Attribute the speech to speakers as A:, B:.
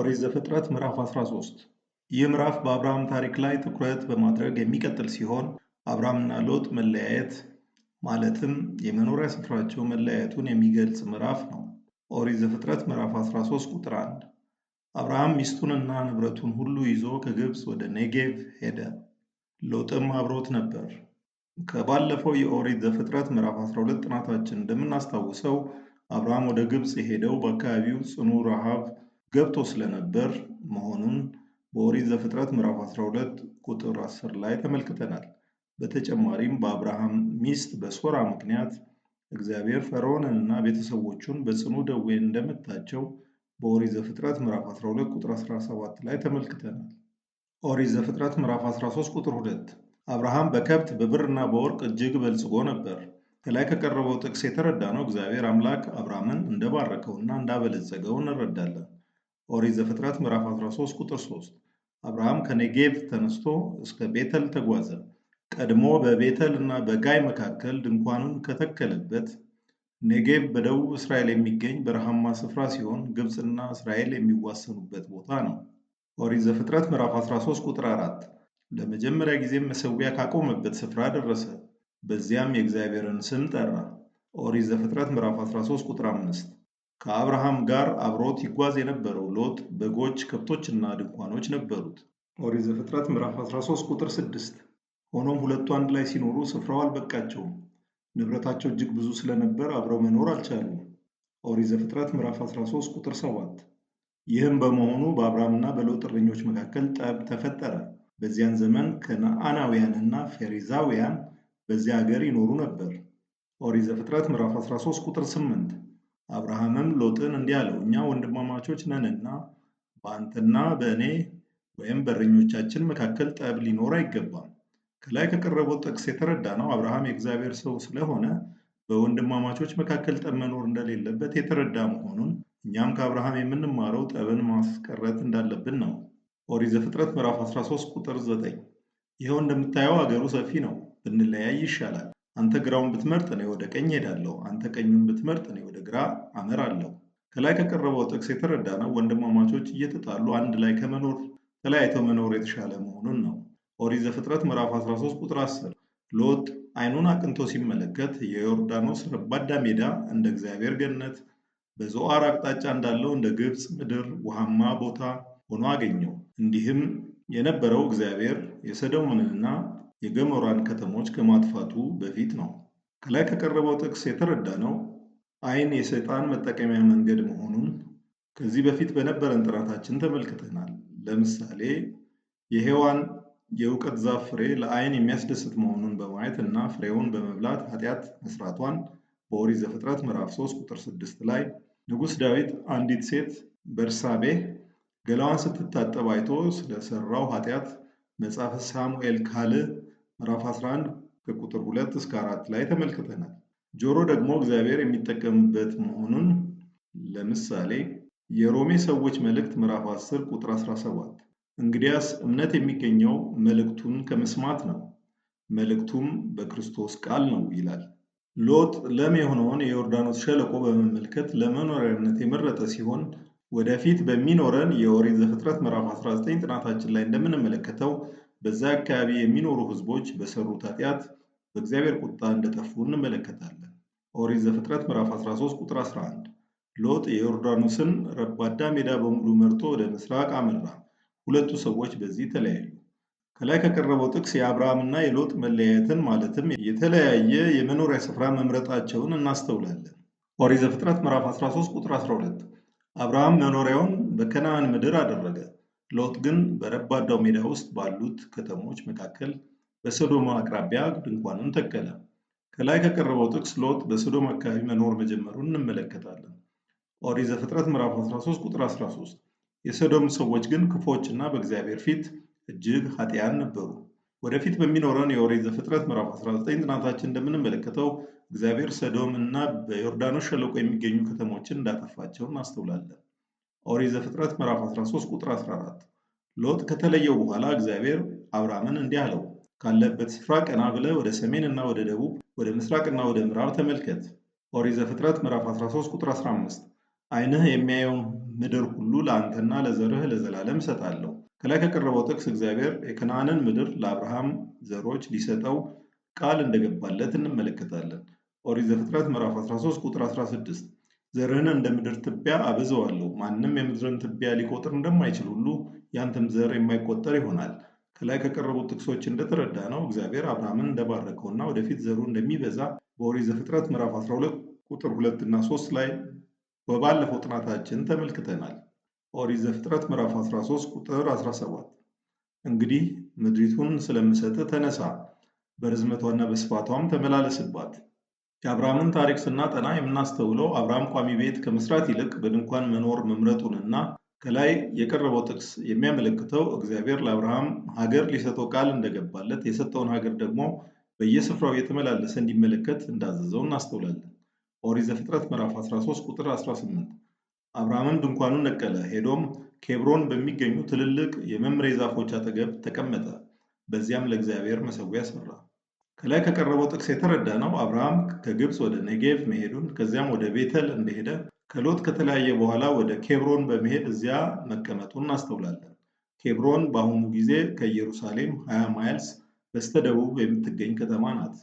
A: ኦሪት ዘፍጥረት ምዕራፍ 13 ይህ ምዕራፍ በአብርሃም ታሪክ ላይ ትኩረት በማድረግ የሚቀጥል ሲሆን አብርሃምና ሎጥ መለያየት ማለትም የመኖሪያ ስፍራቸው መለያየቱን የሚገልጽ ምዕራፍ ነው። ኦሪት ዘፍጥረት ምዕራፍ 13 ቁጥር 1 አብርሃም ሚስቱንና ንብረቱን ሁሉ ይዞ ከግብፅ ወደ ኔጌቭ ሄደ፣ ሎጥም አብሮት ነበር። ከባለፈው የኦሪት ዘፍጥረት ምዕራፍ 12 ጥናታችን እንደምናስታውሰው አብርሃም ወደ ግብፅ የሄደው በአካባቢው ጽኑ ረሃብ ገብቶ ስለነበር መሆኑን በኦሪት ዘፍጥረት ምዕራፍ 12 ቁጥር 10 ላይ ተመልክተናል። በተጨማሪም በአብርሃም ሚስት በሶራ ምክንያት እግዚአብሔር ፈርዖንንና ቤተሰቦቹን በጽኑ ደዌ እንደመታቸው በኦሪት ዘፍጥረት ምዕራፍ 12 ቁጥር 17 ላይ ተመልክተናል። ኦሪት ዘፍጥረት ምዕራፍ 13 ቁጥር 2 አብርሃም በከብት በብርና በወርቅ እጅግ በልጽጎ ነበር። ከላይ ከቀረበው ጥቅስ የተረዳ ነው እግዚአብሔር አምላክ አብርሃምን እንደባረከውና እንዳበለጸገው እንረዳለን። ኦሪት ዘፍጥረት ምዕራፍ 13 ቁጥር 3 አብርሃም ከኔጌቭ ተነስቶ እስከ ቤተል ተጓዘ። ቀድሞ በቤተል እና በጋይ መካከል ድንኳኑን ከተከለበት። ኔጌቭ በደቡብ እስራኤል የሚገኝ በረሃማ ስፍራ ሲሆን ግብፅና እስራኤል የሚዋሰኑበት ቦታ ነው። ኦሪት ዘፍጥረት ምዕራፍ 13 ቁጥር 4 ለመጀመሪያ ጊዜም መሰዊያ ካቆመበት ስፍራ ደረሰ። በዚያም የእግዚአብሔርን ስም ጠራ። ኦሪት ዘፍጥረት ምዕራፍ 13 ቁጥር 5 ከአብርሃም ጋር አብሮት ይጓዝ የነበረው ሎጥ በጎች፣ ከብቶችና ድንኳኖች ነበሩት። ኦሪት ዘፍጥረት ምዕራፍ 13 ቁጥር 6 ሆኖም ሁለቱ አንድ ላይ ሲኖሩ ስፍራው አልበቃቸውም። ንብረታቸው እጅግ ብዙ ስለነበር አብረው መኖር አልቻሉም። ኦሪት ዘፍጥረት ምዕራፍ 13 ቁጥር 7 ይህም በመሆኑ በአብርሃምና በሎጥ እረኞች መካከል ጠብ ተፈጠረ። በዚያን ዘመን ከነአናውያንና ፌሪዛውያን በዚያ ሀገር ይኖሩ ነበር። ኦሪት ዘፍጥረት ምዕራፍ 13 ቁጥር 8 አብርሃምም ሎጥን እንዲህ አለው፣ እኛ ወንድማማቾች ነንና በአንተና በእኔ ወይም በእረኞቻችን መካከል ጠብ ሊኖር አይገባም። ከላይ ከቀረበው ጥቅስ የተረዳ ነው አብርሃም የእግዚአብሔር ሰው ስለሆነ በወንድማማቾች መካከል ጠብ መኖር እንደሌለበት የተረዳ መሆኑን እኛም ከአብርሃም የምንማረው ጠብን ማስቀረት እንዳለብን ነው። ኦሪት ዘፍጥረት ምዕራፍ 13 ቁጥር 9 ይኸው እንደምታየው አገሩ ሰፊ ነው፣ ብንለያይ ይሻላል። አንተ ግራውን ብትመርጥ እኔ ወደ ቀኝ ሄዳለሁ አንተ ቀኙን ብትመርጥ እኔ ወደ ግራ አመራለሁ። ከላይ ከቀረበው ጥቅስ የተረዳ ነው ወንድማማቾች እየተጣሉ አንድ ላይ ከመኖር ተለያይተው መኖር የተሻለ መሆኑን ነው። ኦሪት ዘፍጥረት ምዕራፍ 13 ቁጥር 10 ሎጥ አይኑን አቅንቶ ሲመለከት የዮርዳኖስ ረባዳ ሜዳ እንደ እግዚአብሔር ገነት በዞዓር አቅጣጫ እንዳለው እንደ ግብፅ ምድር ውሃማ ቦታ ሆኖ አገኘው። እንዲህም የነበረው እግዚአብሔር የሰዶምንና የገሞራን ከተሞች ከማጥፋቱ በፊት ነው። ከላይ ከቀረበው ጥቅስ የተረዳ ነው። አይን የሰይጣን መጠቀሚያ መንገድ መሆኑን ከዚህ በፊት በነበረን ጥናታችን ተመልክተናል። ለምሳሌ የሔዋን የእውቀት ዛፍ ፍሬ ለአይን የሚያስደስት መሆኑን በማየት እና ፍሬውን በመብላት ኃጢአት መስራቷን በኦሪት ዘፍጥረት ምዕራፍ 3 ቁጥር 6 ላይ ንጉሥ ዳዊት አንዲት ሴት በርሳቤህ ገላዋን ስትታጠብ አይቶ ስለሰራው ኃጢአት መጽሐፈ ሳሙኤል ካልዕ ምዕራፍ 11 ከቁጥር 2 እስከ 4 ላይ ተመልክተናል። ጆሮ ደግሞ እግዚአብሔር የሚጠቀምበት መሆኑን ለምሳሌ የሮሜ ሰዎች መልእክት ምዕራፍ 10 ቁጥር 17 እንግዲያስ እምነት የሚገኘው መልእክቱን ከመስማት ነው፣ መልእክቱም በክርስቶስ ቃል ነው ይላል። ሎጥ ለም የሆነውን የዮርዳኖስ ሸለቆ በመመልከት ለመኖሪያነት የመረጠ ሲሆን ወደፊት በሚኖረን የኦሪት ዘፍጥረት ምዕራፍ 19 ጥናታችን ላይ እንደምንመለከተው በዛ አካባቢ የሚኖሩ ህዝቦች በሰሩት ኃጢአት በእግዚአብሔር ቁጣ እንደጠፉ እንመለከታለን። ኦሪት ዘፍጥረት ምዕራፍ 13 ቁጥር 11 ሎጥ የዮርዳኖስን ረባዳ ሜዳ በሙሉ መርጦ ወደ ምስራቅ አመራ። ሁለቱ ሰዎች በዚህ ተለያዩ። ከላይ ከቀረበው ጥቅስ የአብርሃምና የሎጥ መለያየትን ማለትም የተለያየ የመኖሪያ ስፍራ መምረጣቸውን እናስተውላለን። ኦሪት ዘፍጥረት ምዕራፍ 13 ቁጥር 12 አብርሃም መኖሪያውን በከነዓን ምድር አደረገ ሎጥ ግን በረባዳው ሜዳ ውስጥ ባሉት ከተሞች መካከል በሶዶማ አቅራቢያ ድንኳኑን ተከለ። ከላይ ከቀረበው ጥቅስ ሎጥ በሶዶም አካባቢ መኖር መጀመሩን እንመለከታለን። ኦሪት ዘፍጥረት ምዕራፍ 13 ቁጥር 13 የሶዶም ሰዎች ግን ክፎች እና በእግዚአብሔር ፊት እጅግ ኃጢያን ነበሩ። ወደፊት በሚኖረን የኦሪት ዘፍጥረት ምዕራፍ 19 ጥናታችን እንደምንመለከተው እግዚአብሔር ሰዶም እና በዮርዳኖስ ሸለቆ የሚገኙ ከተሞችን እንዳጠፋቸው እናስተውላለን። ኦሪት ዘፍጥረት ምዕራፍ 13 ቁጥር 14 ሎጥ ከተለየው በኋላ እግዚአብሔር አብርሃምን እንዲህ አለው፣ ካለበት ስፍራ ቀና ብለህ ወደ ሰሜን እና ወደ ደቡብ፣ ወደ ምስራቅና ወደ ምዕራብ ተመልከት። ኦሪት ዘፍጥረት ምዕራፍ 13 ቁጥር 15 ዓይንህ የሚያየው ምድር ሁሉ ለአንተና ለዘርህ ለዘላለም እሰጣለሁ። ከላይ ከቀረበው ጥቅስ እግዚአብሔር የከነዓንን ምድር ለአብርሃም ዘሮች ሊሰጠው ቃል እንደገባለት እንመለከታለን። ኦሪት ዘፍጥረት ምዕራፍ 13 ቁጥር 16 ዘርህን እንደ ምድር ትቢያ አበዛዋለሁ ማንም የምድርን ትቢያ ሊቆጥር እንደማይችል ሁሉ ያንተም ዘር የማይቆጠር ይሆናል። ከላይ ከቀረቡት ጥቅሶች እንደተረዳ ነው። እግዚአብሔር አብርሃምን እንደባረከውና ወደፊት ዘሩ እንደሚበዛ በኦሪት ዘፍጥረት ምዕራፍ 12 ቁጥር 2 እና 3 ላይ በባለፈው ጥናታችን ተመልክተናል። ኦሪት ዘፍጥረት ምዕራፍ 13 ቁጥር 17 እንግዲህ ምድሪቱን ስለምሰጥህ ተነሳ፣ በርዝመቷና በስፋቷም ተመላለስባት የአብርሃምን ታሪክ ስናጠና የምናስተውለው አብርሃም ቋሚ ቤት ከመስራት ይልቅ በድንኳን መኖር እና ከላይ የቀረበው ጥቅስ የሚያመለክተው እግዚአብሔር ለአብርሃም ሀገር ሊሰጠው ቃል እንደገባለት የሰጠውን ሀገር ደግሞ በየስፍራው የተመላለሰ እንዲመለከት እንዳዘዘው እናስተውላለን። ኦሪት ዘፍጥረት ምዕራፍ 13 ቁጥር 18 አብርሃምም ድንኳኑን ነቀለ፣ ሄዶም ኬብሮን በሚገኙ ትልልቅ የመምሬ ዛፎች አጠገብ ተቀመጠ። በዚያም ለእግዚአብሔር መሰዊያ ሰራ። ከላይ ከቀረበው ጥቅስ የተረዳ ነው አብርሃም ከግብፅ ወደ ኔጌቭ መሄዱን ከዚያም ወደ ቤተል እንደሄደ ከሎት ከተለያየ በኋላ ወደ ኬብሮን በመሄድ እዚያ መቀመጡን እናስተውላለን። ኬብሮን በአሁኑ ጊዜ ከኢየሩሳሌም 20 ማይልስ በስተደቡብ የምትገኝ ከተማ ናት።